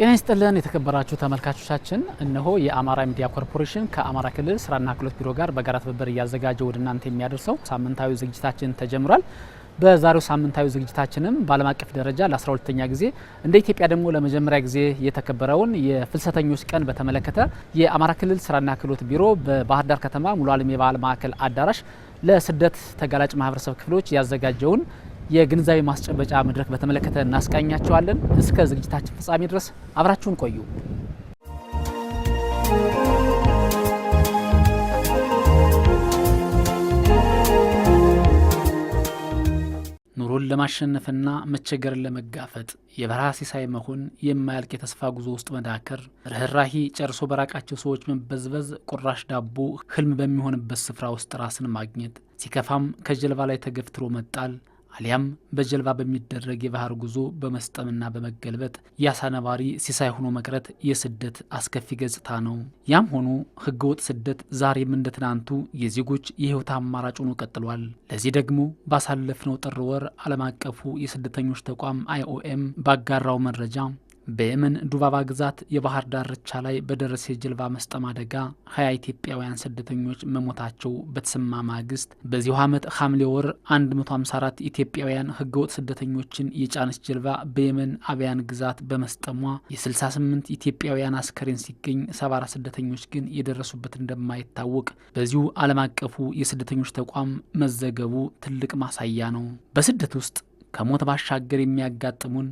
ጤና ይስጥልን የተከበራችሁ ተመልካቾቻችን፣ እነሆ የአማራ ሚዲያ ኮርፖሬሽን ከአማራ ክልል ስራና ክህሎት ቢሮ ጋር በጋራ ትብብር እያዘጋጀ ወደ እናንተ የሚያደርሰው ሳምንታዊ ዝግጅታችን ተጀምሯል። በዛሬው ሳምንታዊ ዝግጅታችንም በዓለም አቀፍ ደረጃ ለ12ተኛ ጊዜ እንደ ኢትዮጵያ ደግሞ ለመጀመሪያ ጊዜ የተከበረውን የፍልሰተኞች ቀን በተመለከተ የአማራ ክልል ስራና ክህሎት ቢሮ በባህር ዳር ከተማ ሙሉ አለም የባህል ማዕከል አዳራሽ ለስደት ተጋላጭ ማህበረሰብ ክፍሎች ያዘጋጀውን የግንዛቤ ማስጨበጫ መድረክ በተመለከተ እናስቃኛቸዋለን። እስከ ዝግጅታችን ፍጻሜ ድረስ አብራችሁን ቆዩ። ኑሮን ለማሸነፍና መቸገርን ለመጋፈጥ የበረሃ ሲሳይ መሆን የማያልቅ የተስፋ ጉዞ ውስጥ መዳከር፣ ርኅራሂ ጨርሶ በራቃቸው ሰዎች መበዝበዝ፣ ቁራሽ ዳቦ ህልም በሚሆንበት ስፍራ ውስጥ ራስን ማግኘት፣ ሲከፋም ከጀልባ ላይ ተገፍትሮ መጣል አሊያም በጀልባ በሚደረግ የባህር ጉዞ በመስጠምና በመገልበጥ የአሳ ነባሪ ሲሳይ ሆኖ መቅረት የስደት አስከፊ ገጽታ ነው። ያም ሆኖ ህገወጥ ስደት ዛሬም እንደ ትናንቱ የዜጎች የህይወት አማራጭ ሆኖ ቀጥሏል። ለዚህ ደግሞ ባሳለፍነው ጥር ወር ዓለም አቀፉ የስደተኞች ተቋም አይኦኤም ባጋራው መረጃ በየመን ዱባባ ግዛት የባህር ዳርቻ ላይ በደረሰ የጀልባ መስጠም አደጋ ሀያ ኢትዮጵያውያን ስደተኞች መሞታቸው በተሰማ ማግስት በዚሁ ዓመት ሐምሌ ወር 154 ኢትዮጵያውያን ህገወጥ ስደተኞችን የጫነች ጀልባ በየመን አብያን ግዛት በመስጠሟ የ68 ኢትዮጵያውያን አስከሬን ሲገኝ 74 ስደተኞች ግን የደረሱበት እንደማይታወቅ በዚሁ ዓለም አቀፉ የስደተኞች ተቋም መዘገቡ ትልቅ ማሳያ ነው። በስደት ውስጥ ከሞት ባሻገር የሚያጋጥሙን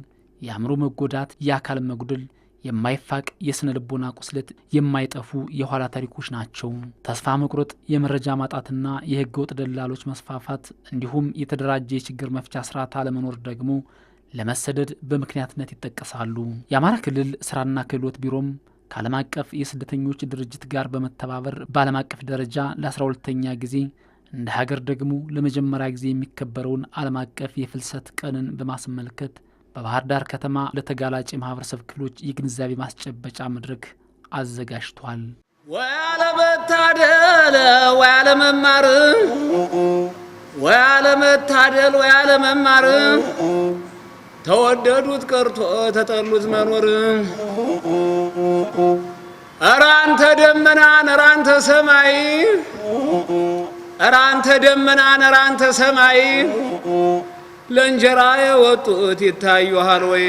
የአእምሮ መጎዳት፣ የአካል መጉደል፣ የማይፋቅ የስነ ልቦና ቁስለት የማይጠፉ የኋላ ታሪኮች ናቸው። ተስፋ መቁረጥ፣ የመረጃ ማጣትና የሕገ ወጥ ደላሎች መስፋፋት እንዲሁም የተደራጀ የችግር መፍቻ ስርዓት አለመኖር ደግሞ ለመሰደድ በምክንያትነት ይጠቀሳሉ። የአማራ ክልል ስራና ክህሎት ቢሮም ከዓለም አቀፍ የስደተኞች ድርጅት ጋር በመተባበር በዓለም አቀፍ ደረጃ ለ12ተኛ ጊዜ እንደ ሀገር ደግሞ ለመጀመሪያ ጊዜ የሚከበረውን ዓለም አቀፍ የፍልሰት ቀንን በማስመልከት በባህር ዳር ከተማ ለተጋላጭ የማህበረሰብ ክፍሎች የግንዛቤ ማስጨበጫ መድረክ አዘጋጅቷል። ወያለመታደል ወያለመማር ወያለመታደል ወያለመማር ተወደዱት ቀርቶ ተጠሉት መኖር ኧረ ደመናን ኧረ ሰማይ ኧረ ደመናን እራንተ ሰማይ ለእንጀራ የወጡት ይታዩሃል ወይ?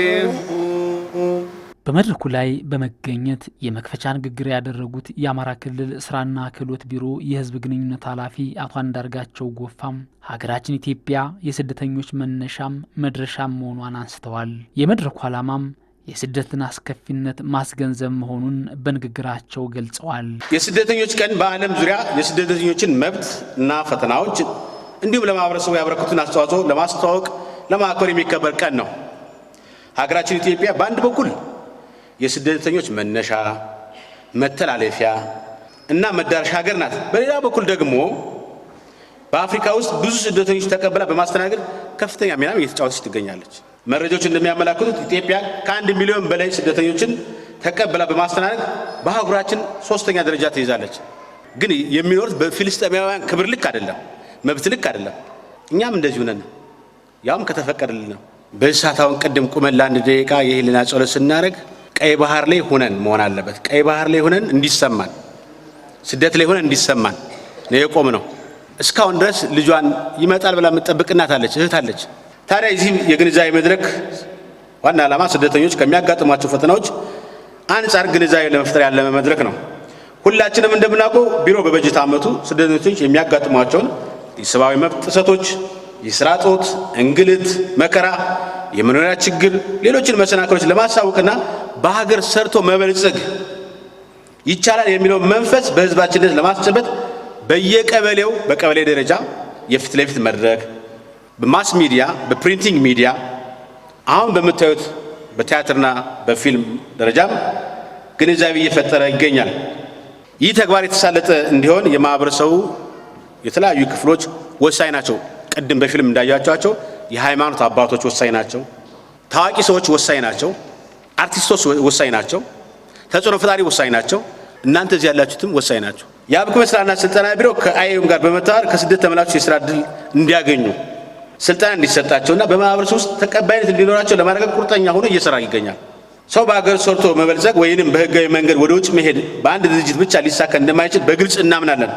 በመድረኩ ላይ በመገኘት የመክፈቻ ንግግር ያደረጉት የአማራ ክልል ስራና ክህሎት ቢሮ የህዝብ ግንኙነት ኃላፊ አቶ አንዳርጋቸው ጎፋም ሀገራችን ኢትዮጵያ የስደተኞች መነሻም መድረሻም መሆኗን አንስተዋል። የመድረኩ ዓላማም የስደትን አስከፊነት ማስገንዘብ መሆኑን በንግግራቸው ገልጸዋል። የስደተኞች ቀን በዓለም ዙሪያ የስደተኞችን መብት እና ፈተናዎች እንዲሁም ለማህበረሰቡ ያበረክቱን አስተዋጽኦ ለማስተዋወቅ ለማክበር የሚከበር ቀን ነው። ሀገራችን ኢትዮጵያ በአንድ በኩል የስደተኞች መነሻ መተላለፊያ እና መዳረሻ ሀገር ናት። በሌላ በኩል ደግሞ በአፍሪካ ውስጥ ብዙ ስደተኞች ተቀብላ በማስተናገድ ከፍተኛ ሚናም እየተጫወተች ትገኛለች። መረጃዎች እንደሚያመላክቱት ኢትዮጵያ ከአንድ ሚሊዮን በላይ ስደተኞችን ተቀብላ በማስተናገድ በአህጉራችን ሶስተኛ ደረጃ ትይዛለች። ግን የሚኖሩት በፊልስጤማውያን ክብር ልክ አይደለም። መብት ልክ አይደለም። እኛም እንደዚሁ ነን። ያውም ከተፈቀደልን ነው። በእሳታውን ቅድም ቁመን ለአንድ ደቂቃ የህሊና ጸሎት ስናደርግ ቀይ ባህር ላይ ሆነን መሆን አለበት። ቀይ ባህር ላይ ሁነን እንዲሰማን፣ ስደት ላይ ሆነን እንዲሰማን ነው የቆም ነው። እስካሁን ድረስ ልጇን ይመጣል ብላ የምጠብቅ እናት አለች፣ እህት አለች። ታዲያ የዚህ የግንዛቤ መድረክ ዋና ዓላማ ስደተኞች ከሚያጋጥሟቸው ፈተናዎች አንጻር ግንዛቤ ለመፍጠር ያለመ መድረክ ነው። ሁላችንም እንደምናውቀው ቢሮ በበጀት ዓመቱ ስደተኞች የሚያጋጥሟቸውን የሰብአዊ መብት ጥሰቶች፣ የስራ ጦት፣ እንግልት፣ መከራ፣ የመኖሪያ ችግር፣ ሌሎችን መሰናክሎች ለማሳወቅና በሀገር ሰርቶ መበልጸግ ይቻላል የሚለውን መንፈስ በህዝባችን ደስ ለማስጨበት በየቀበሌው በቀበሌ ደረጃ የፊት ለፊት መድረክ በማስ ሚዲያ በፕሪንቲንግ ሚዲያ አሁን በምታዩት በቲያትርና በፊልም ደረጃም ግንዛቤ እየፈጠረ ይገኛል። ይህ ተግባር የተሳለጠ እንዲሆን የማህበረሰቡ የተለያዩ ክፍሎች ወሳኝ ናቸው። ቅድም በፊልም እንዳያቸዋቸው የሃይማኖት አባቶች ወሳኝ ናቸው። ታዋቂ ሰዎች ወሳኝ ናቸው። አርቲስቶች ወሳኝ ናቸው። ተጽዕኖ ፈጣሪ ወሳኝ ናቸው። እናንተ እዚህ ያላችሁትም ወሳኝ ናቸው። የአብክመ ስራና ስልጠና ቢሮ ከአይኤም ጋር በመተባበር ከስደት ተመላሾች የስራ እድል እንዲያገኙ ስልጠና እንዲሰጣቸውና በማህበረሰብ ውስጥ ተቀባይነት እንዲኖራቸው ለማድረግ ቁርጠኛ ሆኖ እየሰራ ይገኛል። ሰው በሀገር ሰርቶ መበልጸግ ወይንም በህጋዊ መንገድ ወደ ውጭ መሄድ በአንድ ድርጅት ብቻ ሊሳካ እንደማይችል በግልጽ እናምናለን።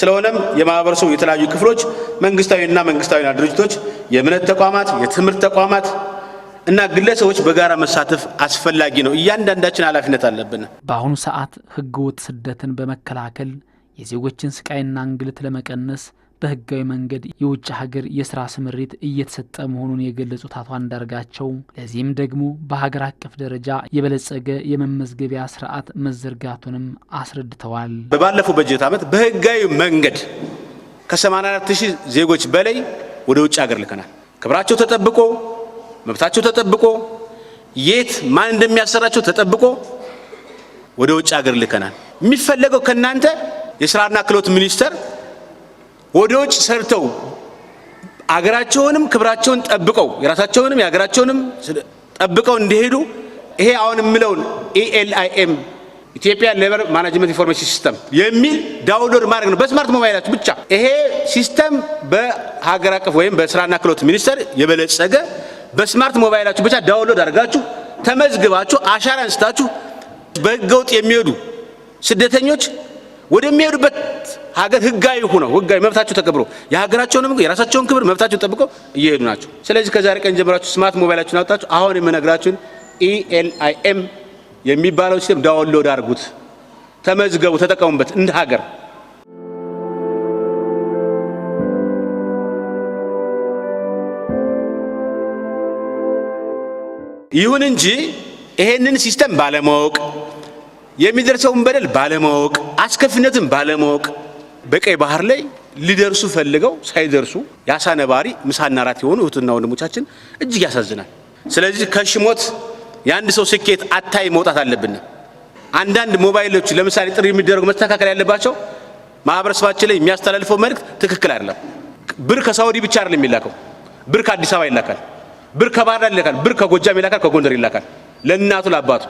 ስለሆነም የማህበረሰቡ የተለያዩ ክፍሎች መንግስታዊና መንግስታዊና ድርጅቶች፣ የእምነት ተቋማት፣ የትምህርት ተቋማት እና ግለሰቦች በጋራ መሳተፍ አስፈላጊ ነው። እያንዳንዳችን ኃላፊነት አለብን። በአሁኑ ሰዓት ህገወጥ ስደትን በመከላከል የዜጎችን ስቃይና እንግልት ለመቀነስ በህጋዊ መንገድ የውጭ ሀገር የስራ ስምሪት እየተሰጠ መሆኑን የገለጹት አቶ አንዳርጋቸው ለዚህም ደግሞ በሀገር አቀፍ ደረጃ የበለጸገ የመመዝገቢያ ስርዓት መዘርጋቱንም አስረድተዋል። በባለፈው በጀት ዓመት በህጋዊ መንገድ ከ84 ሺህ ዜጎች በላይ ወደ ውጭ ሀገር ልከናል። ክብራቸው ተጠብቆ መብታቸው ተጠብቆ የት ማን እንደሚያሰራቸው ተጠብቆ ወደ ውጭ ሀገር ልከናል። የሚፈለገው ከእናንተ የስራና ክህሎት ሚኒስቴር ወደ ውጭ ሰርተው አገራቸውንም ክብራቸውን ጠብቀው የራሳቸውንም የሀገራቸውንም ጠብቀው እንዲሄዱ ይሄ አሁን የምለውን ኢኤልአይኤም ኢትዮጵያ ሌበር ማናጅመንት ኢንፎርሜሽን ሲስተም የሚል ዳውንሎድ ማድረግ ነው በስማርት ሞባይላችሁ ብቻ። ይሄ ሲስተም በሀገር አቀፍ ወይም በስራና ክህሎት ሚኒስቴር የበለጸገ በስማርት ሞባይላችሁ ብቻ ዳውንሎድ አድርጋችሁ ተመዝግባችሁ አሻራ አንስታችሁ በህገ የሚሄዱ ስደተኞች ወደሚሄዱበት ሀገር ህጋዊ ሆነው ህጋዊ መብታቸው ተከብሮ የሀገራቸውንም የራሳቸውን ክብር መብታቸውን ጠብቀው እየሄዱ ናቸው። ስለዚህ ከዛሬ ቀን ጀምራችሁ ስማርት ሞባይላችሁን አውጣችሁ አሁን የምነግራችሁን ኢኤልአይኤም e የሚባለው ሲስተም ዳውንሎድ አድርጉት፣ ተመዝገቡ፣ ተጠቀሙበት እንደ ሀገር ይሁን እንጂ ይሄንን ሲስተም ባለማወቅ የሚደርሰውን በደል ባለማወቅ አስከፊነትን ባለማወቅ በቀይ ባህር ላይ ሊደርሱ ፈልገው ሳይደርሱ የአሳ ነባሪ ምሳና ራት የሆኑ እህትና ወንድሞቻችን እጅግ ያሳዝናል። ስለዚህ ከሽሞት የአንድ ሰው ስኬት አታይ መውጣት አለብን። አንዳንድ ሞባይሎች ለምሳሌ ጥሪ የሚደረጉ መስተካከል ያለባቸው ማህበረሰባችን ላይ የሚያስተላልፈው መልእክት ትክክል አይደለም። ብር ከሳውዲ ብቻ አይደለም የሚላከው፣ ብር ከአዲስ አበባ ይላካል፣ ብር ከባህር ዳር ይላካል፣ ብር ከጎጃም ይላካል፣ ከጎንደር ይላካል። ለእናቱ ለአባቱ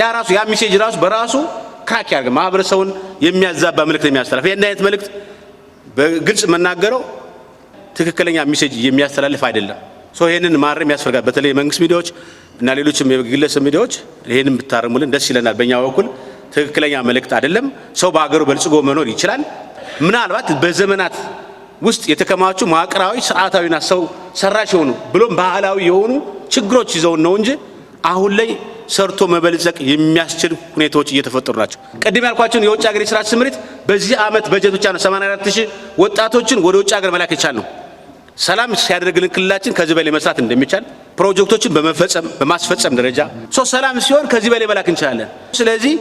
ያ ራሱ ያ ሚሴጅ ራሱ በራሱ ካክ ያርገ ማህበረሰቡን የሚያዛባ መልእክት የሚያስተላልፍ ይሄን አይነት መልእክት በግልጽ መናገረው ትክክለኛ ሚሴጅ የሚያስተላልፍ አይደለም። ሶ ይሄንን ማረም ያስፈልጋል። በተለይ የመንግስት ሚዲያዎች እና ሌሎችም የግለሰብ ሚዲያዎች ይሄንን ብታረሙልን ደስ ይለናል። በእኛ በኩል ትክክለኛ መልእክት አይደለም። ሰው በሀገሩ በልጽጎ መኖር ይችላል። ምናልባት በዘመናት ውስጥ የተከማቹ መዋቅራዊ ስርዓታዊና ሰው ሰራሽ የሆኑ ብሎም ባህላዊ የሆኑ ችግሮች ይዘውን ነው እንጂ አሁን ላይ ሰርቶ መበልጸቅ የሚያስችል ሁኔታዎች እየተፈጠሩ ናቸው። ቅድም ያልኳቸውን የውጭ ሀገር የስራ ስምሪት በዚህ ዓመት በጀት ብቻ ነው 84 ሺህ ወጣቶችን ወደ ውጭ ሀገር መላክ የቻል ነው። ሰላም ሲያደርግልን ክልላችን ከዚህ በላይ መስራት እንደሚቻል ፕሮጀክቶችን በመፈጸም በማስፈጸም ደረጃ ሰላም ሲሆን ከዚህ በላይ መላክ እንችላለን። ስለዚህ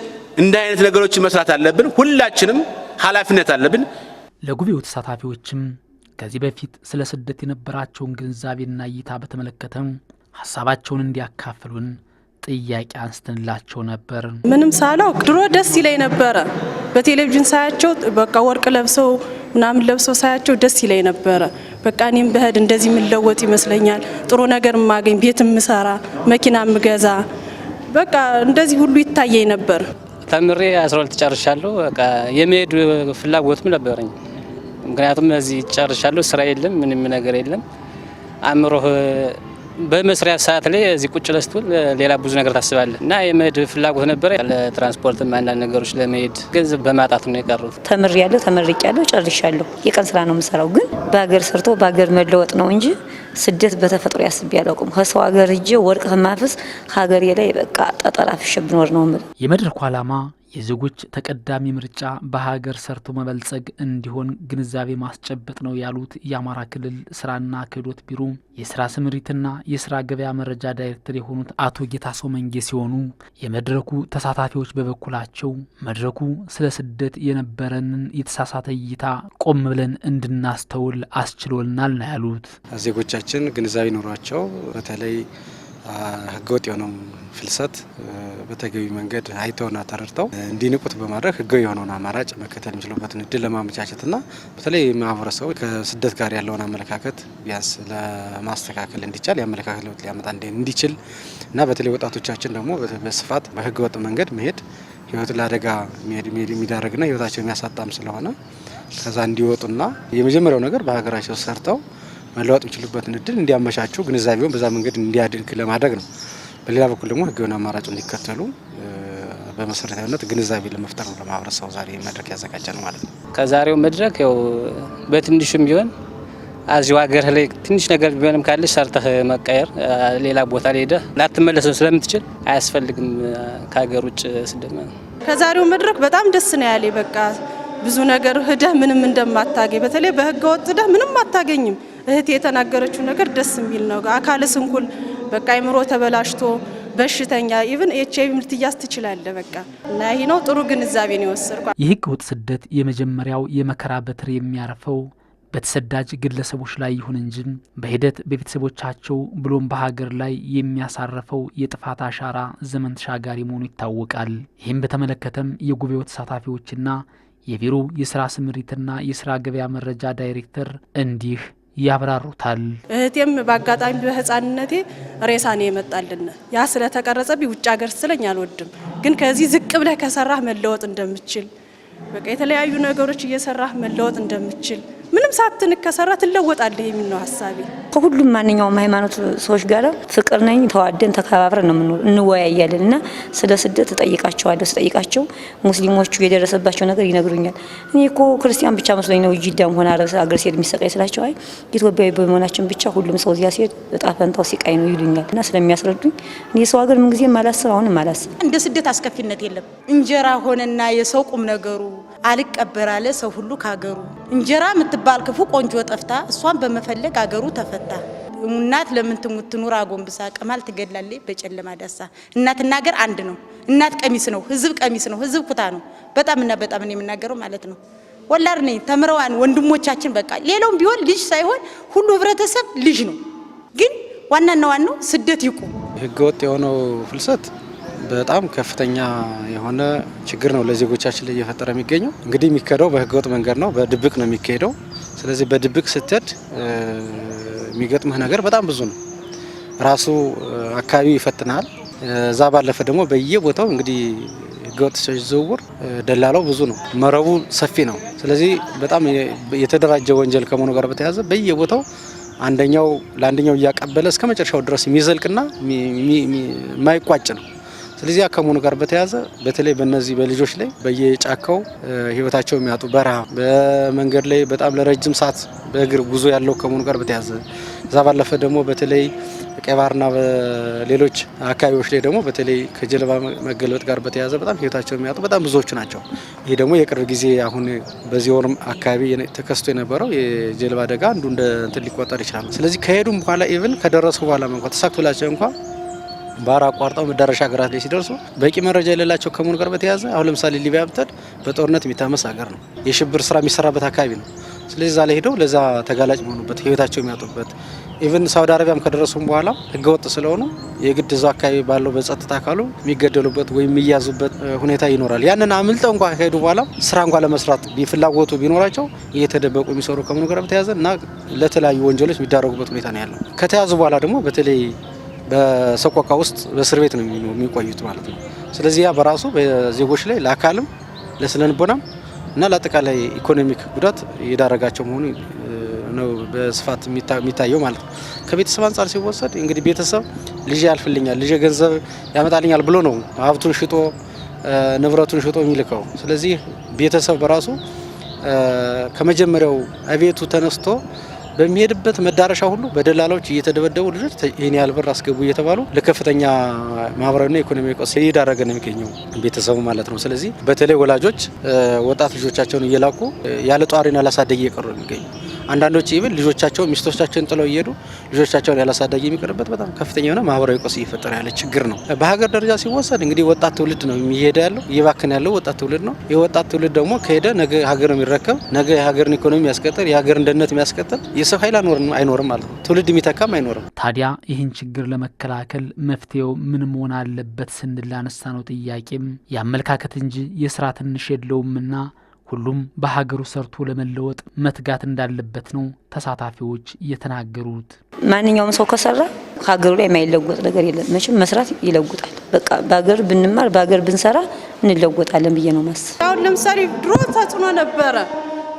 እንደ አይነት ነገሮችን መስራት አለብን። ሁላችንም ኃላፊነት አለብን። ለጉባኤው ተሳታፊዎችም ከዚህ በፊት ስለ ስደት የነበራቸውን ግንዛቤና እይታ በተመለከተም። ሀሳባቸውን እንዲያካፍሉን ጥያቄ አንስትንላቸው ነበር። ምንም ሳላውቅ ድሮ ደስ ይለኝ ነበረ። በቴሌቪዥን ሳያቸው በቃ ወርቅ ለብሰው ምናምን ለብሰው ሳያቸው ደስ ይለኝ ነበረ። በቃ እኔም በህድ እንደዚህ የምለወጥ ይመስለኛል። ጥሩ ነገር የማገኝ ቤት የምሰራ መኪና የምገዛ በቃ እንደዚህ ሁሉ ይታየኝ ነበር። ተምሬ አስራ ሁለት ጨርሻለሁ። በቃ የመሄድ ፍላጎትም ነበረኝ። ምክንያቱም እዚህ ጨርሻለሁ፣ ስራ የለም፣ ምንም ነገር የለም። አእምሮህ በመስሪያ ሰዓት ላይ እዚህ ቁጭ ለስትል ሌላ ብዙ ነገር ታስባለ እና የመድ ፍላጎት ነበረ። ለትራንስፖርት አንዳንድ ነገሮች ለመሄድ ገንዘብ በማጣት ነው የቀሩት። ያለው ጨርሻ ያለው የቀን ስራ ነው የምሰራው፣ ግን በሀገር ሰርቶ በሀገር መለወጥ ነው እንጂ ስደት በተፈጥሮ ያስቤ ያለውቁም ከሰው ሀገር እጄ ወርቅ ከማፍስ ሀገር ላይ በቃ ጠጠር አፍሼ ብኖር ነው የምልህ። የመድረኩ ዓላማ የዜጎች ተቀዳሚ ምርጫ በሀገር ሰርቶ መበልጸግ እንዲሆን ግንዛቤ ማስጨበጥ ነው ያሉት የአማራ ክልል ስራና ክህሎት ቢሮ የስራ ስምሪትና የስራ ገበያ መረጃ ዳይሬክተር የሆኑት አቶ ጌታሰው መንጌ ሲሆኑ የመድረኩ ተሳታፊዎች በበኩላቸው መድረኩ ስለ ስደት የነበረንን የተሳሳተ እይታ ቆም ብለን እንድናስተውል አስችሎልናል ነው ያሉት። ዜጎቻችን ግንዛቤ ኖሯቸው በተለይ ህገወጥ የሆነው ፍልሰት በተገቢ መንገድ አይተውና ተረድተው እንዲንቁት በማድረግ ህጋዊ የሆነውን አማራጭ መከተል የሚችሉበትን እድል ለማመቻቸትና በተለይ ማህበረሰቡ ከስደት ጋር ያለውን አመለካከት ቢያንስ ለማስተካከል እንዲቻል የአመለካከት ለውጥ ሊያመጣ እንዲችል እና በተለይ ወጣቶቻችን ደግሞ በስፋት በህገወጥ መንገድ መሄድ ህይወት ለአደጋ የሚዳረግና ህይወታቸው የሚያሳጣም ስለሆነ ከዛ እንዲወጡና የመጀመሪያው ነገር በሀገራቸው ሰርተው መለወጥ የሚችሉበትን እድል እንዲያመቻቹ ግንዛቤውን በዛ መንገድ እንዲያድግ ለማድረግ ነው። በሌላ በኩል ደግሞ ህጋዊን አማራጭ እንዲከተሉ በመሰረታዊነት ግንዛቤ ለመፍጠር ነው ለማህበረሰቡ ዛሬ መድረክ ያዘጋጀ ነው ማለት ነው። ከዛሬው መድረክ ያው በትንሹም ቢሆን እዚሁ ሀገር ላይ ትንሽ ነገር ቢሆንም ካለች ሰርተህ መቀየር ሌላ ቦታ ላይ ሄደህ ስለምትችል አያስፈልግም ከሀገር ውጭ ስደመ ከዛሬው መድረክ በጣም ደስ ነው ያለ በቃ ብዙ ነገር ህደህ ምንም እንደማታገኝ በተለይ በህገ ወጥ ህደህ ምንም አታገኝም። እህት የተናገረችው ነገር ደስ የሚል ነው። አካል ስንኩል በቃ አይምሮ ተበላሽቶ በሽተኛ ኢቭን ኤች አይቪ ልትያዝ ትችላለ። በቃ እና ይህ ነው ጥሩ ግንዛቤ ነው የወሰድኩ። የህገወጥ ስደት የመጀመሪያው የመከራ በትር የሚያርፈው በተሰዳጅ ግለሰቦች ላይ ይሁን እንጂ በሂደት በቤተሰቦቻቸው ብሎም በሀገር ላይ የሚያሳረፈው የጥፋት አሻራ ዘመን ተሻጋሪ መሆኑ ይታወቃል። ይህም በተመለከተም የጉባኤው ተሳታፊዎችና የቢሮ የስራ ስምሪትና የስራ ገበያ መረጃ ዳይሬክተር እንዲህ ያብራሩታል። እህቴም በአጋጣሚ በህፃንነቴ ሬሳ ነው የመጣልን። ያ ስለተቀረጸብኝ ውጭ ሀገር ስለኝ አልወድም፣ ግን ከዚህ ዝቅ ብለህ ከሰራህ መለወጥ እንደምችል በቃ የተለያዩ ነገሮች እየሰራህ መለወጥ እንደምችል ምንም ሳትን ከሰራ ትለወጣለህ የሚል ነው ሀሳቤ። ከሁሉም ማንኛውም ሃይማኖት ሰዎች ጋር ፍቅር ነኝ። ተዋደን ተከባብረን ነው እንወያያለን እና ስለ ስደት እጠይቃቸዋለሁ። ስጠይቃቸው ሙስሊሞቹ የደረሰባቸው ነገር ይነግሩኛል። እኔ እኮ ክርስቲያን ብቻ መስሎኝ ነው ጅዳም ሆነ አረብ አገር ሲሄድ የሚሰቃይ ስላቸው፣ አይ ኢትዮጵያዊ በመሆናችን ብቻ ሁሉም ሰው እዚያ ሲሄድ እጣ ፈንታው ሲቃይ ነው ይሉኛል እና ስለሚያስረዱኝ እኔ የሰው ሀገር ምንጊዜም አላስብ አሁንም አላስብ። እንደ ስደት አስከፊነት የለም። እንጀራ ሆነና የሰው ቁም ነገሩ አልቀበራለ ሰው ሁሉ ካገሩ እንጀራ ባል ክፉ ቆንጆ ጠፍታ እሷን በመፈለግ አገሩ ተፈታ። እናት ለምን ትሙት ትኑር አጎንብሳ ቀማል ትገድላለች በጨለማ ዳሳ። እናትና ሀገር አንድ ነው። እናት ቀሚስ ነው፣ ህዝብ ቀሚስ ነው፣ ህዝብ ኩታ ነው። በጣም እና በጣም ነው የምናገረው ማለት ነው። ወላድ ነኝ ተምረዋን ወንድሞቻችን በቃ ሌላውም ቢሆን ልጅ ሳይሆን ሁሉ ህብረተሰብ ልጅ ነው። ግን ዋናና ዋናው ስደት ይቁም። ህገወጥ የሆነው ፍልሰት በጣም ከፍተኛ የሆነ ችግር ነው ለዜጎቻችን ላይ እየፈጠረ የሚገኘው። እንግዲህ የሚካሄደው በህገወጥ መንገድ ነው፣ በድብቅ ነው የሚካሄደው። ስለዚህ በድብቅ ስትሄድ የሚገጥምህ ነገር በጣም ብዙ ነው። ራሱ አካባቢ ይፈትናል። እዛ ባለፈ ደግሞ በየቦታው እንግዲህ ህገወጥ ዝውውር ደላላው ብዙ ነው፣ መረቡ ሰፊ ነው። ስለዚህ በጣም የተደራጀ ወንጀል ከመሆኑ ጋር በተያያዘ በየቦታው አንደኛው ለአንደኛው እያቀበለ እስከ መጨረሻው ድረስ የሚዘልቅና የማይቋጭ ነው። ስለዚህ ከመሆኑ ጋር በተያያዘ በተለይ በነዚህ በልጆች ላይ በየጫካው ህይወታቸው የሚያጡ በረሃብ፣ በመንገድ ላይ በጣም ለረጅም ሰዓት በእግር ጉዞ ያለው ከመሆኑ ጋር በተያያዘ እዛ ባለፈ ደግሞ በተለይ ቀይ ባህርና በሌሎች አካባቢዎች ላይ ደግሞ በተለይ ከጀልባ መገለበጥ ጋር በተያያዘ በጣም ህይወታቸው የሚያጡ በጣም ብዙዎቹ ናቸው። ይህ ደግሞ የቅርብ ጊዜ አሁን በዚህ ወርም አካባቢ ተከስቶ የነበረው የጀልባ አደጋ አንዱ እንደ እንትን ሊቆጠር ይችላል። ስለዚህ ከሄዱም በኋላ ኢቭን ከደረሱ በኋላ እንኳ ተሳክቶላቸው እንኳ ባህር አቋርጠው መዳረሻ ሀገራት ላይ ሲደርሱ በቂ መረጃ የሌላቸው ከመሆኑ ጋር በተያያዘ አሁን ለምሳሌ ሊቢያ ብትሄድ በጦርነት የሚታመስ ሀገር ነው። የሽብር ስራ የሚሰራበት አካባቢ ነው። ስለዚህ እዛ ላይ ሄደው ለዛ ተጋላጭ መሆኑበት ህይወታቸው የሚያጡበት ኢቨን ሳውዲ አረቢያም ከደረሱም በኋላ ህገወጥ ስለሆኑ የግድ እዛ አካባቢ ባለው በጸጥታ አካሉ የሚገደሉበት ወይም የሚያዙበት ሁኔታ ይኖራል። ያንን አምልጠው እንኳ ከሄዱ በኋላ ስራ እንኳ ለመስራት ፍላጎቱ ቢኖራቸው እየተደበቁ የሚሰሩ ከመሆኑ ጋር በተያያዘ እና ለተለያዩ ወንጀሎች የሚዳረጉበት ሁኔታ ነው ያለው። ከተያዙ በኋላ ደግሞ በተለይ በሰቆቃ ውስጥ በእስር ቤት ነው የሚቆዩት ማለት ነው። ስለዚህ ያ በራሱ በዜጎች ላይ ለአካልም ለስነልቦናም እና ለአጠቃላይ ኢኮኖሚክ ጉዳት የዳረጋቸው መሆኑ ነው በስፋት የሚታየው ማለት ነው። ከቤተሰብ አንጻር ሲወሰድ እንግዲህ ቤተሰብ ልጅ ያልፍልኛል፣ ልጅ ገንዘብ ያመጣልኛል ብሎ ነው ሀብቱን ሽጦ ንብረቱን ሽጦ የሚልከው። ስለዚህ ቤተሰብ በራሱ ከመጀመሪያው እቤቱ ተነስቶ በሚሄድበት መዳረሻ ሁሉ በደላላዎች እየተደበደቡ ልጆች ይህን ያህል ብር አስገቡ እየተባሉ ለከፍተኛ ማህበራዊና ኢኮኖሚ ቀውስ እየዳረገ ነው የሚገኘው ቤተሰቡ ማለት ነው። ስለዚህ በተለይ ወላጆች ወጣት ልጆቻቸውን እየላኩ ያለ ጧሪና ላሳደግ እየቀሩ ነው የሚገኙ አንዳንዶች ኢቭን ልጆቻቸው ሚስቶቻቸውን ጥለው እየሄዱ ልጆቻቸውን ያላሳዳጊ የሚቀርበት በጣም ከፍተኛ የሆነ ማህበራዊ ቀውስ እየፈጠረ ያለ ችግር ነው። በሀገር ደረጃ ሲወሰድ እንግዲህ ወጣት ትውልድ ነው የሚሄደ ያለው እየባክን ያለው ወጣት ትውልድ ነው። ይህ ወጣት ትውልድ ደግሞ ከሄደ ነገ ሀገር የሚረከብ ነገ የሀገርን ኢኮኖሚ የሚያስቀጥል የሀገርን ደህንነት የሚያስቀጥል የሰው ኃይል አይኖርም ማለት ነው። ትውልድ የሚተካም አይኖርም። ታዲያ ይህን ችግር ለመከላከል መፍትሄው ምን መሆን አለበት ስንል ላነሳ ነው ጥያቄም የአመለካከት እንጂ የስራ ትንሽ የለውምና ሁሉም በሀገሩ ሰርቶ ለመለወጥ መትጋት እንዳለበት ነው ተሳታፊዎች የተናገሩት። ማንኛውም ሰው ከሰራ ከሀገሩ ላይ የማይለወጥ ነገር የለም። መቼም መስራት ይለውጣል። በቃ በሀገር ብንማር በሀገር ብንሰራ እንለወጣለን ብዬ ነው ማስ አሁን ለምሳሌ ድሮ ተጽዕኖ ነበረ።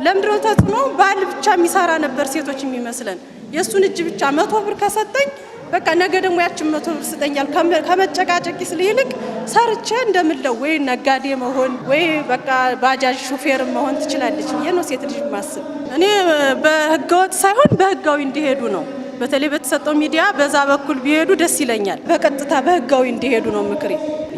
ለምድሮ ተጽዕኖ ባል ብቻ የሚሰራ ነበር ሴቶች የሚመስለን የእሱን እጅ ብቻ መቶ ብር ከሰጠኝ በቃ ነገ ደግሞ ያችን መቶ ብር ስጠኛል ከመጨቃጨቂ ስል ይልቅ ሰርቼ እንደምለው ወይ ነጋዴ መሆን ወይ በቃ ባጃጅ ሹፌር መሆን ትችላለች ብዬ ነው ሴት ልጅ ማስብ። እኔ በህገወጥ ሳይሆን በህጋዊ እንዲሄዱ ነው በተለይ በተሰጠው ሚዲያ በዛ በኩል ቢሄዱ ደስ ይለኛል። በቀጥታ በህጋዊ እንዲሄዱ ነው ምክሬ።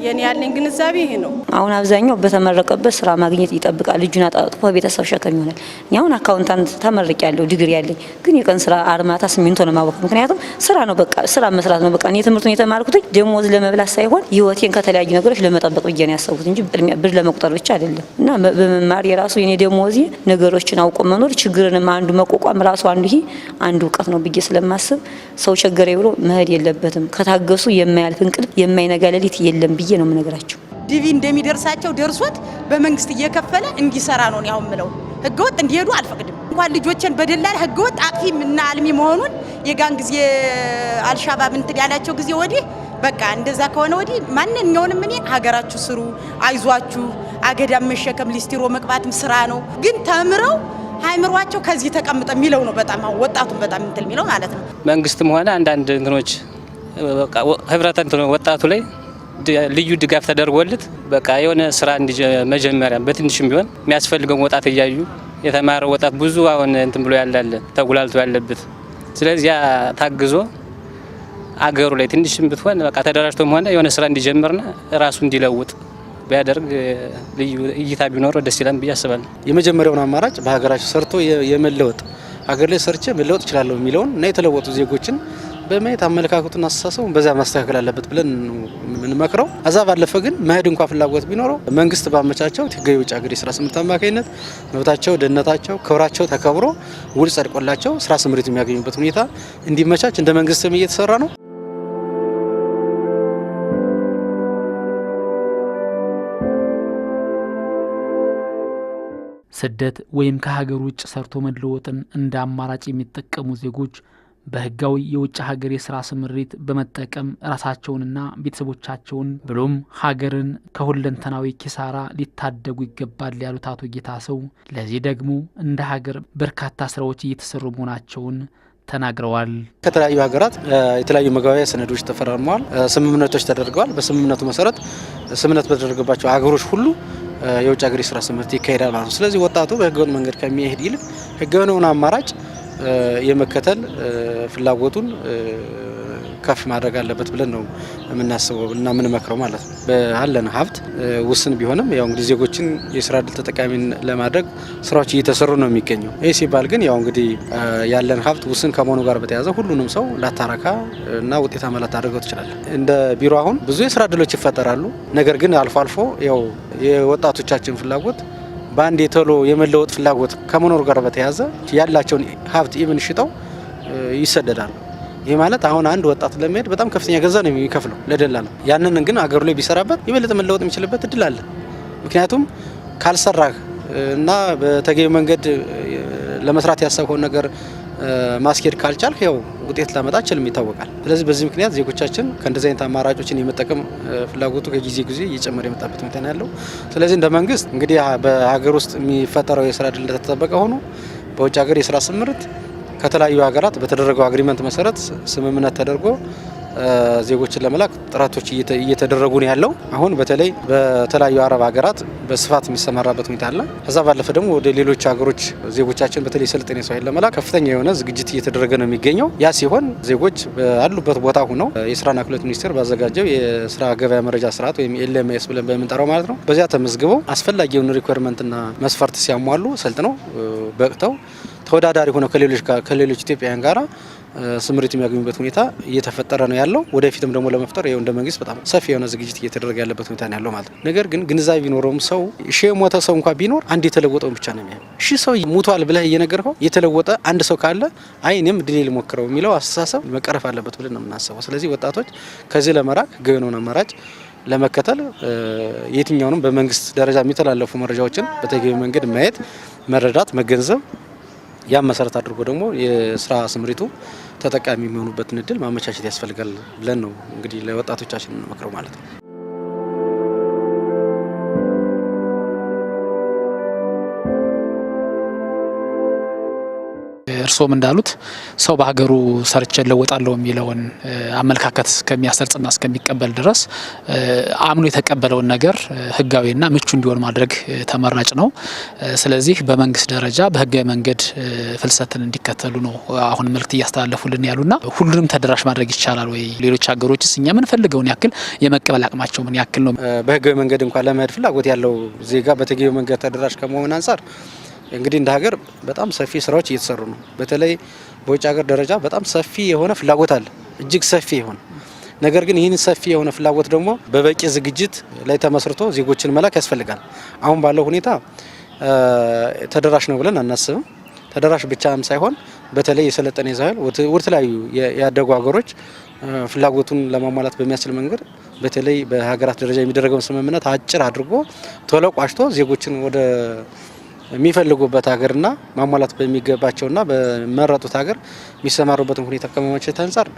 የኔ ያለኝ ግንዛቤ ይሄ ነው። አሁን አብዛኛው በተመረቀበት ስራ ማግኘት ይጠብቃል። ልጁን አጣጥፎ ቤተሰብ ሸከም ይሆናል። እኔ አሁን አካውንታንት ተመርቅ ያለው ዲግሪ ያለኝ ግን የቀን ስራ አርማታ ሲሚንቶ ነው ማወቅ። ምክንያቱም ስራ ነው በቃ ስራ መስራት ነው በቃ። እኔ ትምህርቱን የተማርኩት ደሞዝ ለመብላት ሳይሆን ህይወቴን ከተለያዩ ነገሮች ለመጠበቅ ብዬ ነው ያሰብኩት እንጂ ብር ለመቁጠር ብቻ አይደለም። እና በመማር የራሱ የኔ ደሞዝ ነገሮችን አውቆ መኖር ችግርንም አንዱ መቋቋም ራሱ አንዱ ይሄ አንዱ እውቀት ነው ብዬ ስለማስብ ሰው ቸገረ ብሎ መሄድ የለበትም። ከታገሱ የማያልፍ እንቅልፍ የማይነጋ ሌሊት የለም ብዬ ጊዜ ነው የምነግራቸው። ዲቪ እንደሚደርሳቸው ደርሶት በመንግስት እየከፈለ እንዲሰራ ነው ያው ምለው። ህገወጥ እንዲሄዱ አልፈቅድም። እንኳን ልጆችን በደላል ህገወጥ አጥፊም እና አልሚ መሆኑን የጋን ጊዜ አልሻባብ እንትን ያላቸው ጊዜ ወዲህ በቃ እንደዛ ከሆነ ወዲህ ማንኛውንም እኔ ሀገራችሁ ስሩ፣ አይዟችሁ፣ አገዳም መሸከም ሊስቲሮ መቅባትም ስራ ነው። ግን ተምረው አይምሯቸው ከዚህ ተቀምጠ የሚለው ነው በጣም ወጣቱን በጣም እንትን የሚለው ማለት ነው። መንግስትም ሆነ አንዳንድ እንትኖች ህብረተ ወጣቱ ላይ ልዩ ድጋፍ ተደርጎለት በቃ የሆነ ስራ መጀመሪያ በትንሽም ቢሆን የሚያስፈልገውን ወጣት እያዩ የተማረ ወጣት ብዙ አሁን እንትን ብሎ ያላለ ተጉላልቶ ያለበት ስለዚህ ያ ታግዞ አገሩ ላይ ትንሽም ብትሆን በቃ ተደራጅቶም ሆነ የሆነ ስራ እንዲጀምርና ራሱ እንዲለውጥ ቢያደርግ ልዩ እይታ ቢኖረው ደስ ይላል ብዬ አስባለሁ። የመጀመሪያውን አማራጭ በሀገራችን ሰርቶ የመለወጥ ሀገር ላይ ሰርቼ መለወጥ እችላለሁ የሚለውን እና የተለወጡ ዜጎችን በማየት አመለካከቱን አስተሳሰቡን በዛ ማስተካከል አለበት ብለን የምንመክረው። ከዛ ባለፈ ግን መሄድ እንኳ ፍላጎት ቢኖረው መንግስት ባመቻቸው ህጋዊ ውጭ ሀገር የስራ ስምሪት አማካኝነት መብታቸው፣ ደህንነታቸው፣ ክብራቸው ተከብሮ ውል ጸድቆላቸው ስራ ስምሪት የሚያገኙበት ሁኔታ እንዲመቻች እንደ መንግስትም እየተሰራ ነው። ስደት ወይም ከሀገር ውጭ ሰርቶ መለወጥን እንደ አማራጭ የሚጠቀሙ ዜጎች በህጋዊ የውጭ ሀገር የስራ ስምሪት በመጠቀም ራሳቸውንና ቤተሰቦቻቸውን ብሎም ሀገርን ከሁለንተናዊ ኪሳራ ሊታደጉ ይገባል ያሉት አቶ ጌታ ሰው ለዚህ ደግሞ እንደ ሀገር በርካታ ስራዎች እየተሰሩ መሆናቸውን ተናግረዋል። ከተለያዩ ሀገራት የተለያዩ መግባቢያ ሰነዶች ተፈራርመዋል፣ ስምምነቶች ተደርገዋል። በስምምነቱ መሰረት ስምምነት በተደረገባቸው ሀገሮች ሁሉ የውጭ ሀገር የስራ ስምሪት ይካሄዳል ማለት ነው። ስለዚህ ወጣቱ በህገወጥ መንገድ ከሚሄድ ይልቅ ህጋዊ የሆነውን አማራጭ የመከተል ፍላጎቱን ከፍ ማድረግ አለበት ብለን ነው የምናስበው እና የምንመክረው ማለት ነው። ባለን ሀብት ውስን ቢሆንም ያው እንግዲህ ዜጎችን የስራ እድል ተጠቃሚ ለማድረግ ስራዎች እየተሰሩ ነው የሚገኘው። ይህ ሲባል ግን ያው እንግዲህ ያለን ሀብት ውስን ከመሆኑ ጋር በተያያዘ ሁሉንም ሰው ላታረካ እና ውጤታማ ላታደርገው ትችላለን። እንደ ቢሮ አሁን ብዙ የስራ እድሎች ይፈጠራሉ። ነገር ግን አልፎ አልፎ ያው የወጣቶቻችን ፍላጎት በአንድ የቶሎ የመለወጥ ፍላጎት ከመኖር ጋር በተያያዘ ያላቸውን ሀብት ኢቭን ሽጠው ይሰደዳሉ። ይህ ማለት አሁን አንድ ወጣት ለመሄድ በጣም ከፍተኛ ገንዘብ ነው የሚከፍለው ለደላላ። ያንን ግን አገሩ ላይ ቢሰራበት የበለጠ መለወጥ የሚችልበት እድል አለ። ምክንያቱም ካልሰራህ እና በተገቢ መንገድ ለመስራት ያሰብከውን ነገር ማስኬድ ካልቻል ያው ውጤት ላመጣ ችልም ይታወቃል። ስለዚህ በዚህ ምክንያት ዜጎቻችን ከእንደዚህ አይነት አማራጮችን የመጠቀም ፍላጎቱ ከጊዜ ጊዜ እየጨመረ የመጣበት ሁኔታ ያለው። ስለዚህ እንደ መንግስት እንግዲህ በሀገር ውስጥ የሚፈጠረው የስራ ዕድል እንደተጠበቀ ሆኖ በውጭ ሀገር የስራ ስምርት ከተለያዩ ሀገራት በተደረገው አግሪመንት መሰረት ስምምነት ተደርጎ ዜጎችን ለመላክ ጥረቶች እየተደረጉ ነው ያለው። አሁን በተለይ በተለያዩ አረብ ሀገራት በስፋት የሚሰማራበት ሁኔታ አለ። ከዛ ባለፈ ደግሞ ወደ ሌሎች ሀገሮች ዜጎቻችን በተለይ ስልጥን ሰው ኃይል ለመላክ ከፍተኛ የሆነ ዝግጅት እየተደረገ ነው የሚገኘው። ያ ሲሆን ዜጎች ያሉበት ቦታ ሁነው የስራና ክህሎት ሚኒስቴር ባዘጋጀው የስራ ገበያ መረጃ ስርዓት ወይም ኤልኤምኤስ ብለን በምንጠራው ማለት ነው በዚያ ተመዝግበው አስፈላጊውን ሪኳርመንትና መስፈርት ሲያሟሉ ሰልጥነው በቅተው ተወዳዳሪ ሆነው ከሌሎች ኢትዮጵያውያን ጋራ ስምሪት የሚያገኙበት ሁኔታ እየተፈጠረ ነው ያለው። ወደፊትም ደግሞ ለመፍጠር ይኸው እንደ መንግስት በጣም ሰፊ የሆነ ዝግጅት እየተደረገ ያለበት ሁኔታ ነው ያለው ማለት ነው። ነገር ግን ግንዛቤ ቢኖረውም ሰው ሺ የሞተ ሰው እንኳ ቢኖር አንድ የተለወጠውን ብቻ ነው የሚያ ሺ ሰው ሙቷል ብለህ እየነገርከው የተለወጠ አንድ ሰው ካለ አይ እኔም ድሌ ልሞክረው የሚለው አስተሳሰብ መቀረፍ አለበት ብለን ነው የምናስበው። ስለዚህ ወጣቶች ከዚህ ለመራቅ ህጋዊ የሆነውን አማራጭ ለመከተል የትኛውንም በመንግስት ደረጃ የሚተላለፉ መረጃዎችን በተገቢ መንገድ ማየት፣ መረዳት፣ መገንዘብ ያን መሰረት አድርጎ ደግሞ የስራ ስምሪቱ ተጠቃሚ የሚሆኑበትን እድል ማመቻቸት ያስፈልጋል ብለን ነው እንግዲህ ለወጣቶቻችን መክረው ማለት ነው። እርስዎም እንዳሉት ሰው በሀገሩ ሰርቼ እለወጣለሁ የሚለውን አመለካከት እስከሚያሰርጽና እስከሚቀበል ድረስ አምኖ የተቀበለውን ነገር ህጋዊና ምቹ እንዲሆን ማድረግ ተመራጭ ነው። ስለዚህ በመንግስት ደረጃ በህጋዊ መንገድ ፍልሰትን እንዲከተሉ ነው አሁን መልእክት እያስተላለፉልን ያሉና ሁሉንም ተደራሽ ማድረግ ይቻላል ወይ? ሌሎች ሀገሮችስ እኛ የምንፈልገውን ያክል የመቀበል አቅማቸው ምን ያክል ነው? በህጋዊ መንገድ እንኳን ለመሄድ ፍላጎት ያለው ዜጋ በተገቢው መንገድ ተደራሽ ከመሆን አንጻር እንግዲህ እንደ ሀገር በጣም ሰፊ ስራዎች እየተሰሩ ነው። በተለይ በውጭ ሀገር ደረጃ በጣም ሰፊ የሆነ ፍላጎት አለ፣ እጅግ ሰፊ የሆነ ነገር ግን ይህን ሰፊ የሆነ ፍላጎት ደግሞ በበቂ ዝግጅት ላይ ተመስርቶ ዜጎችን መላክ ያስፈልጋል። አሁን ባለው ሁኔታ ተደራሽ ነው ብለን አናስብም። ተደራሽ ብቻም ሳይሆን በተለይ የሰለጠነ ዛይል ወደ ተለያዩ ያደጉ ሀገሮች ፍላጎቱን ለማሟላት በሚያስችል መንገድ በተለይ በሀገራት ደረጃ የሚደረገውን ስምምነት አጭር አድርጎ ተለቋሽቶ ዜጎችን ወደ የሚፈልጉበት ሀገርና ማሟላት በሚገባቸውና በመረጡት ሀገር የሚሰማሩበትን ሁኔታ ከመመቸት አንጻር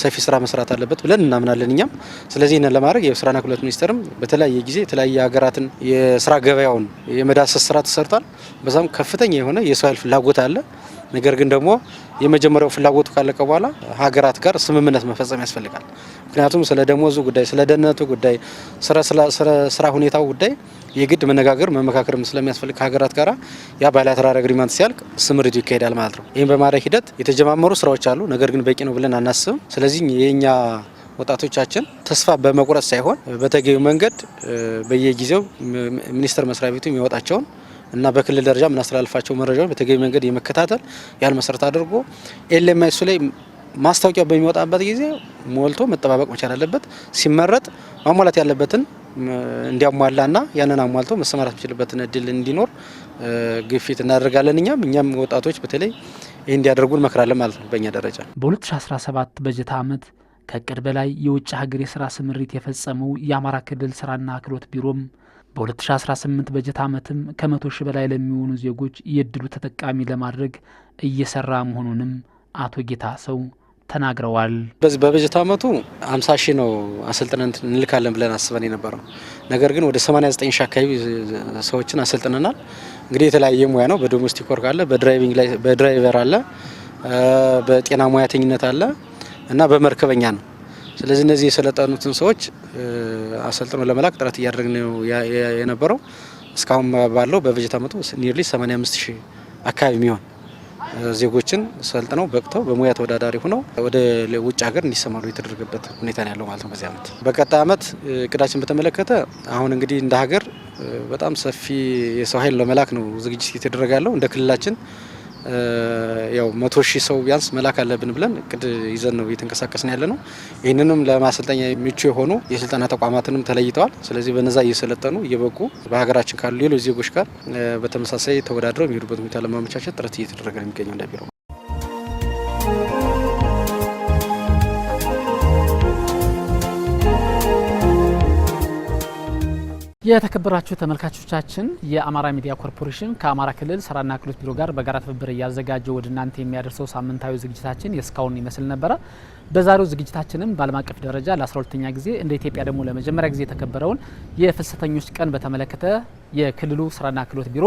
ሰፊ ስራ መስራት አለበት ብለን እናምናለን እኛም። ስለዚህ ይህንን ለማድረግ የስራና ክህሎት ሚኒስቴርም በተለያየ ጊዜ የተለያየ ሀገራትን የስራ ገበያውን የመዳሰስ ስራ ተሰርቷል። በዛም ከፍተኛ የሆነ የሰው ኃይል ፍላጎት አለ። ነገር ግን ደግሞ የመጀመሪያው ፍላጎቱ ካለቀ በኋላ ሀገራት ጋር ስምምነት መፈጸም ያስፈልጋል። ምክንያቱም ስለ ደሞዙ ጉዳይ፣ ስለ ደህንነቱ ጉዳይ፣ ስራ ሁኔታው ጉዳይ የግድ መነጋገር መመካከርም ስለሚያስፈልግ ከሀገራት ጋር ያ ባይላተራል አግሪመንት ሲያልቅ ስምሪት ይካሄዳል ማለት ነው። ይህም በማድረግ ሂደት የተጀማመሩ ስራዎች አሉ። ነገር ግን በቂ ነው ብለን አናስብም። ስለዚህ የእኛ ወጣቶቻችን ተስፋ በመቁረጥ ሳይሆን በተገቢው መንገድ በየጊዜው ሚኒስቴር መስሪያ ቤቱ የሚወጣቸውን እና በክልል ደረጃ የምናስተላልፋቸው መረጃዎች በተገቢ መንገድ የመከታተል ያን መሰረት አድርጎ ኤልኤምኤሱ ላይ ማስታወቂያ በሚወጣበት ጊዜ ሞልቶ መጠባበቅ መቻል አለበት። ሲመረጥ ማሟላት ያለበትን እንዲያሟላና ያንን አሟልቶ መሰማራት የሚችልበትን እድል እንዲኖር ግፊት እናደርጋለን። እኛም እኛም ወጣቶች በተለይ ይህ እንዲያደርጉ እንመክራለን ማለት ነው። በእኛ ደረጃ በ2017 በጀት ዓመት ከእቅድ በላይ የውጭ ሀገር የስራ ስምሪት የፈጸመው የአማራ ክልል ስራና ክህሎት ቢሮም በ2018 በጀት ዓመትም ከመቶ ሺህ በላይ ለሚሆኑ ዜጎች የእድሉ ተጠቃሚ ለማድረግ እየሰራ መሆኑንም አቶ ጌታ ሰው ተናግረዋል። በዚህ በበጀት ዓመቱ 50 ሺህ ነው አሰልጥነን እንልካለን ብለን አስበን የነበረው ነገር ግን ወደ 89 ሺህ አካባቢ ሰዎችን አሰልጥነናል። እንግዲህ የተለያየ ሙያ ነው። በዶሜስቲክ ወርክ አለ፣ በድራይቪንግ ላይ በድራይቨር አለ፣ በጤና ሙያተኝነት አለ እና በመርከበኛ ነው ስለዚህ እነዚህ የሰለጠኑትን ሰዎች አሰልጥኖ ለመላክ ጥረት እያደረግ ነው የነበረው። እስካሁን ባለው በበጀት ዓመቱ ኒርሊ 85 ሺህ አካባቢ የሚሆን ዜጎችን ሰልጥነው በቅተው በሙያ ተወዳዳሪ ሆነው ወደ ውጭ ሀገር እንዲሰማሩ የተደረገበት ሁኔታ ነው ያለው ማለት ነው። በዚህ ዓመት በቀጣይ ዓመት እቅዳችን በተመለከተ አሁን እንግዲህ እንደ ሀገር በጣም ሰፊ የሰው ኃይል ለመላክ ነው ዝግጅት እየተደረገ ያለው እንደ ክልላችን ያው መቶ ሺህ ሰው ቢያንስ መላክ አለብን ብለን እቅድ ይዘን ነው እየተንቀሳቀስን ያለ ነው። ይህንንም ለማሰልጠኛ የሚቹ የሆኑ የስልጠና ተቋማትንም ተለይተዋል። ስለዚህ በነዛ እየሰለጠኑ እየበቁ በሀገራችን ካሉ ሌሎች ዜጎች ጋር በተመሳሳይ ተወዳድረው የሚሄዱበት ሁኔታ ለማመቻቸት ጥረት እየተደረገ ነው የሚገኘው እንደ ቢሮ የተከበራችሁ ተመልካቾቻችን የአማራ ሚዲያ ኮርፖሬሽን ከአማራ ክልል ስራና ክህሎት ቢሮ ጋር በጋራ ትብብር እያዘጋጀው ወደ እናንተ የሚያደርሰው ሳምንታዊ ዝግጅታችን የእስካሁን ይመስል ነበረ። በዛሬው ዝግጅታችንም በዓለም አቀፍ ደረጃ ለ12ኛ ጊዜ እንደ ኢትዮጵያ ደግሞ ለመጀመሪያ ጊዜ የተከበረውን የፍልሰተኞች ቀን በተመለከተ የክልሉ ስራና ክህሎት ቢሮ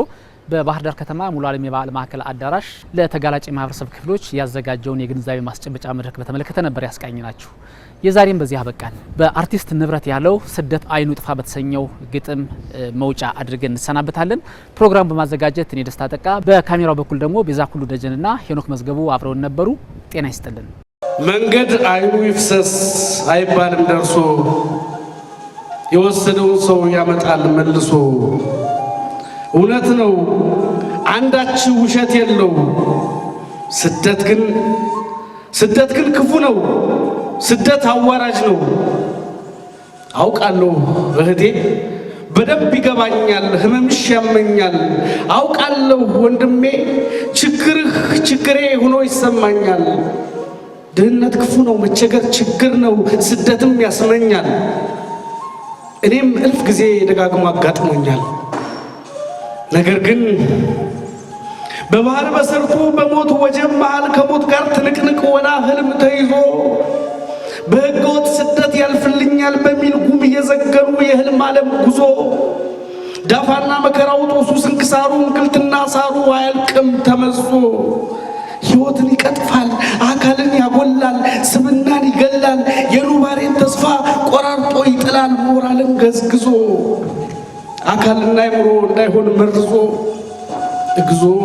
በባህር ዳር ከተማ ሙሉ ዓለም የበዓል ማዕከል አዳራሽ ለተጋላጭ የማህበረሰብ ክፍሎች ያዘጋጀውን የግንዛቤ ማስጨበጫ መድረክ በተመለከተ ነበር ያስቃኝ ናችሁ። የዛሬም በዚህ አበቃን። በአርቲስት ንብረት ያለው ስደት አይኑ ጥፋ በተሰኘው ግጥም መውጫ አድርገን እንሰናበታለን። ፕሮግራም በማዘጋጀት እኔ ደስታ ጠቃ፣ በካሜራው በኩል ደግሞ ቤዛ ኩሉ ደጀንና ሄኖክ መዝገቡ አብረውን ነበሩ። ጤና ይስጥልን። መንገድ አይኑ ይፍሰስ አይባልም ደርሶ የወሰደውን ሰው ያመጣል መልሶ። እውነት ነው አንዳች ውሸት የለው። ስደት ግን ስደት ግን ክፉ ነው። ስደት አዋራጅ ነው አውቃለሁ እህቴ፣ በደንብ ይገባኛል። ህመምሽ ያመኛል አውቃለሁ ወንድሜ፣ ችግርህ ችግሬ ሆኖ ይሰማኛል። ድህነት ክፉ ነው፣ መቸገር ችግር ነው፣ ስደትም ያስመኛል። እኔም እልፍ ጊዜ ደጋግሞ አጋጥሞኛል። ነገር ግን በባህር በሰርቱ በሞት ወጀብ መሃል ከሞት ጋር ትንቅንቅ ወና ህልም ተይዞ በህገወጥ ስደት ያልፍልኛል በሚል ጉም እየዘገሩ የህልም ዓለም ጉዞ ዳፋና መከራው፣ ጦሱ፣ ስንክሳሩ፣ እንክልትና ሳሩ አያልቅም ተመዝዞ። ሕይወትን ይቀጥፋል፣ አካልን ያጎላል፣ ስብናን ይገላል፣ የኑባሬን ተስፋ ቆራርጦ ይጥላል፣ ሞራልን ገዝግዞ አካልና አይምሮ እንዳይሆን መርዞ እግዚኦ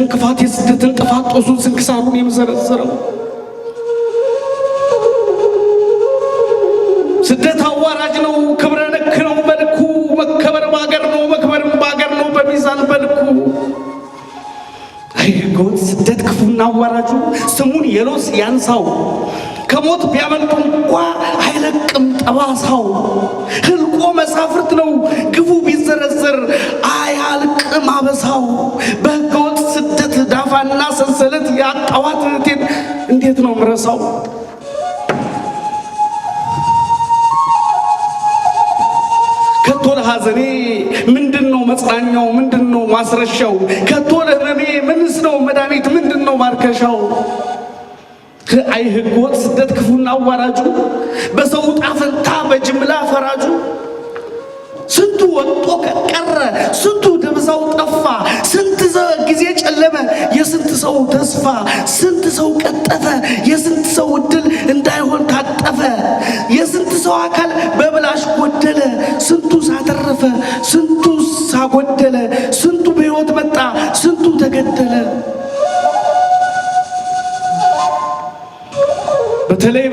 የድህነትን ክፋት፣ የስደትን ጥፋት፣ ጦሱን፣ ስንክሳሩን የምዘረዘረው ስደት አዋራጅ ነው። ክብረ ነክ ነው መልኩ መከበር ባገር ነው መክበርም ባገር ነው በሚዛን መልኩ አይ ስደት ክፉና አዋራጁ ስሙን የሎስ ያንሳው ከሞት ቢያመልጡ እንኳ አይለቅም ጠባሳው። ህልቆ መሳፍርት ነው ግፉ ቢዘረዘር አያልቅም አበሳው። አካፋና ሰንሰለት ያጣዋት እህቴን እንዴት ነው ምረሳው? ከቶ ለሐዘኔ ምንድን ነው መጽናኛው? ምንድን ነው ማስረሻው? ከቶ ለህመሜ ምንስ ነው መድኃኒት? ምንድን ነው ማርከሻው? ከአይ ህገወጥ ስደት ክፉና አዋራጁ በሰው ጣፈንታ በጅምላ ፈራጁ ስንቱ ወጦ ቀረ፣ ስንቱ ደብዛው ጠፋ፣ ስንት ጊዜ ጨለመ፣ የስንት ሰው ተስፋ፣ ስንት ሰው ቀጠፈ፣ የስንት ሰው እድል እንዳይሆን ታጠፈ፣ የስንት ሰው አካል በብላሽ ጎደለ፣ ስንቱ ሳተረፈ፣ ስንቱ ሳጎደለ፣ ስንቱ በሕይወት መጣ፣ ስንቱ ተገደለ። በተለይ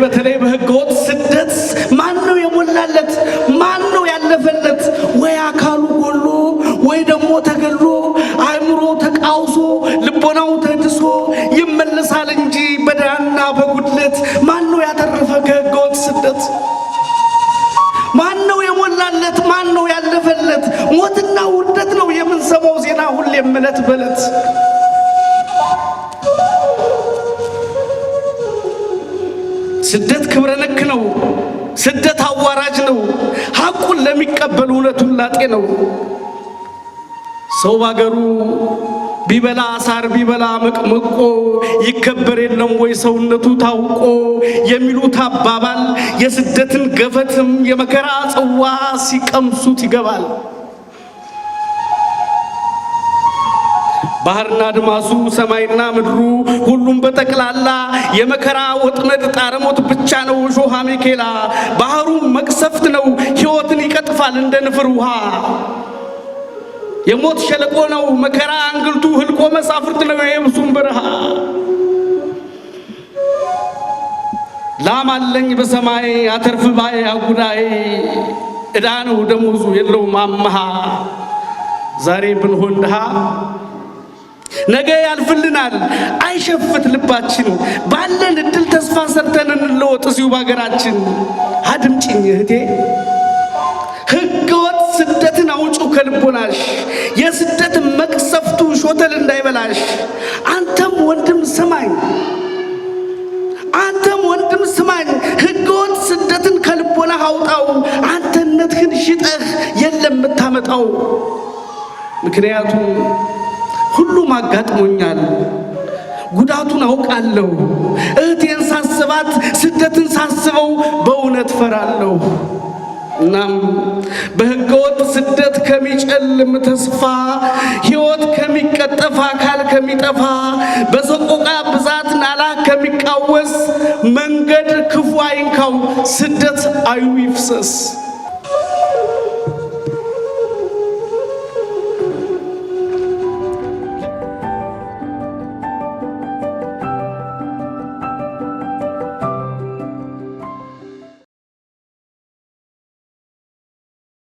ዕለት ሞትና ውርደት ነው የምንሰማው ዜና ሁሌም ዕለት በዕለት። ስደት ክብረ ነክ ነው። ስደት አዋራጅ ነው። ሐቁን ለሚቀበል እውነቱን ላጤ ነው። ሰው ባገሩ ቢበላ አሳር ቢበላ መቅመቆ ይከበር የለም ወይ ሰውነቱ ታውቆ የሚሉት አባባል የስደትን ገፈትም የመከራ ጽዋ ሲቀምሱት ይገባል። ባህርና አድማሱ ሰማይና ምድሩ ሁሉም በጠቅላላ የመከራ ወጥመድ ጣረሞት ብቻ ነው እሾሃ ሜኬላ ባህሩ መቅሰፍት ነው ሕይወትን ይቀጥፋል እንደ ንፍር ውሃ የሞት ሸለቆ ነው መከራ አንግልቱ ህልቆ መሳፍርት ነው የየብሱም በረሃ ላም አለኝ በሰማይ አተርፍ ባይ አጉዳይ ዕዳ ነው ደሞዙ የለውም አመሃ ዛሬ ብንሆን ድሃ ነገ ያልፍልናል አይሸፍት ልባችን ባለን እድል ተስፋ ሰርተን እንለወጥ እዚሁ በሀገራችን አድምጭኝ እህቴ ስደትን አውጩ ከልቦናሽ የስደት መቅሰፍቱ ሾተል እንዳይበላሽ። አንተም ወንድም ስማኝ፣ አንተም ወንድም ስማኝ፣ ህገወጥ ስደትን ከልቦና አውጣው። አንተነትህን ሽጠህ የለም የምታመጣው። ምክንያቱም ሁሉም አጋጥሞኛል፣ ጉዳቱን አውቃለሁ። እህቴን ሳስባት፣ ስደትን ሳስበው በእውነት ፈራለሁ። እናም በሕገወጥ ስደት ከሚጨልም ተስፋ ህይወት ከሚቀጠፍ አካል ከሚጠፋ በሰቆቃ ብዛት ናላ ከሚቃወስ መንገድ ክፉ አይንካው፣ ስደት አይኑ ይፍሰስ።